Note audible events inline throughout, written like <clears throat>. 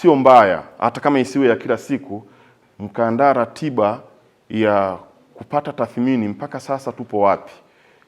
sio mbaya, hata kama isiwe ya kila siku, mkaandaa ratiba ya kupata tathmini, mpaka sasa tupo wapi?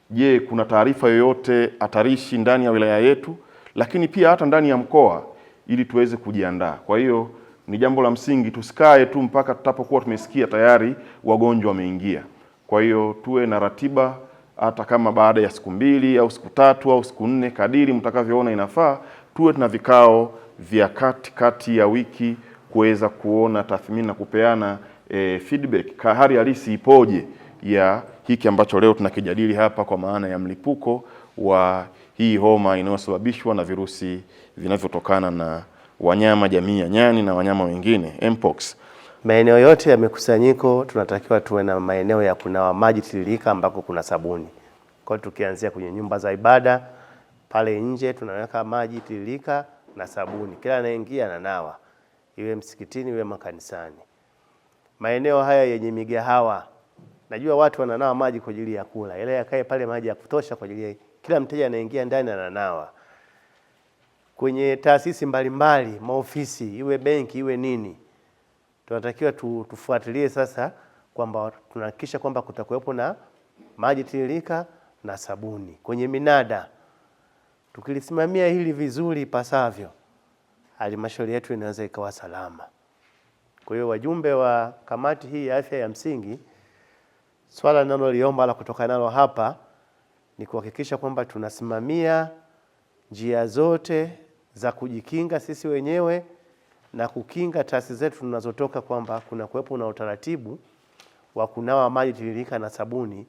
Je, kuna taarifa yoyote hatarishi ndani ya wilaya yetu, lakini pia hata ndani ya mkoa, ili tuweze kujiandaa. Kwa hiyo ni jambo la msingi, tusikae tu mpaka tutapokuwa tumesikia tayari wagonjwa wameingia. Kwa hiyo tuwe na ratiba, hata kama baada ya siku mbili au siku tatu au siku nne, kadiri mtakavyoona inafaa, tuwe na vikao vya kati kati ya wiki kuweza kuona tathmini na kupeana e, feedback hali halisi ipoje ya hiki ambacho leo tunakijadili hapa, kwa maana ya mlipuko wa hii homa inayosababishwa na virusi vinavyotokana na wanyama jamii ya nyani na wanyama wengine mpox. Maeneo yote ya mikusanyiko tunatakiwa tuwe na maeneo ya kunawa maji tiririka ambako kuna sabuni. Kwa hiyo tukianzia kwenye nyumba za ibada pale nje tunaweka maji tiririka na sabuni, kila anayeingia ananawa, iwe msikitini iwe makanisani. Maeneo haya yenye migahawa, najua watu wananawa maji kwa ajili ya kula, ile yakae pale maji ya kutosha kwa ajili ya kila mteja anaingia ndani ananawa. Kwenye taasisi mbalimbali, maofisi, iwe benki iwe nini, tunatakiwa tu, tufuatilie sasa kwamba tunahakikisha kwamba kutakuwepo na maji tiririka na sabuni kwenye minada Tukilisimamia hili vizuri ipasavyo, halmashauri yetu inaweza ikawa salama. Kwa hiyo wajumbe wa kamati hii ya afya ya msingi, swala linaloliomba la kutoka nalo hapa ni kuhakikisha kwamba tunasimamia njia zote za kujikinga sisi wenyewe na kukinga taasisi zetu tunazotoka, kwamba kuna kuwepo na utaratibu wa kunawa maji tiririka na sabuni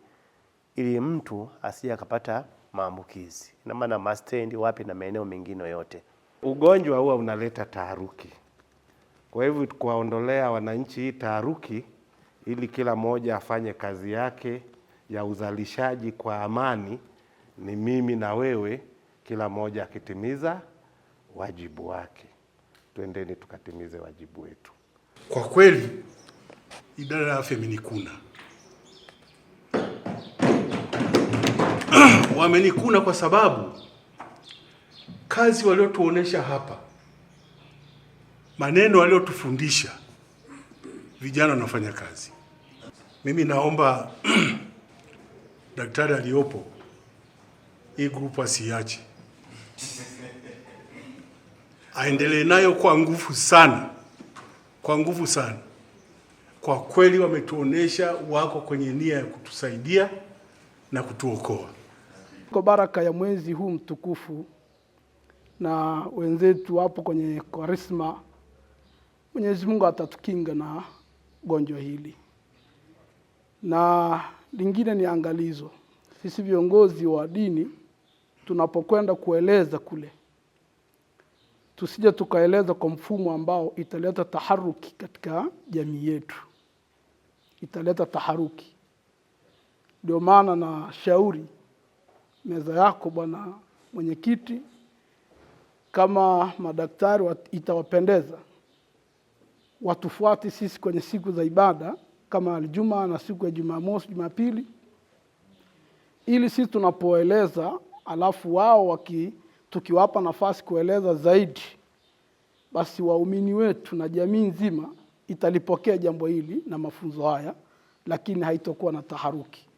ili mtu asije akapata maambukizi, ina maana mastendi wapi na maeneo mengine yote. Ugonjwa huwa unaleta taharuki, kwa hivyo kuwaondolea wananchi hii taharuki, ili kila mmoja afanye kazi yake ya uzalishaji kwa amani, ni mimi na wewe, kila mmoja akitimiza wajibu wake. Twendeni tukatimize wajibu wetu. Kwa kweli, idara ya afya imenikuna. wamenikuna kwa sababu kazi waliotuonesha hapa, maneno waliotufundisha, vijana wanafanya kazi. Mimi naomba <clears throat> daktari aliyopo hii grupu asiache, aendelee nayo kwa nguvu sana, kwa nguvu sana. Kwa kweli wametuonesha wako kwenye nia ya kutusaidia na kutuokoa. Kwa baraka ya mwezi huu mtukufu na wenzetu hapo kwenye Kwaresma, Mwenyezi Mungu atatukinga na gonjwa hili. Na lingine ni angalizo, sisi viongozi wa dini tunapokwenda kueleza kule, tusije tukaeleza kwa mfumo ambao italeta taharuki katika jamii yetu, italeta taharuki. Ndio maana na shauri meza yako Bwana Mwenyekiti, kama madaktari itawapendeza watufuate sisi kwenye siku za ibada kama Aljuma na siku ya Jumamosi, Jumapili, ili sisi tunapoeleza, alafu wao waki tukiwapa nafasi kueleza zaidi, basi waumini wetu na jamii nzima italipokea jambo hili na mafunzo haya, lakini haitokuwa na taharuki.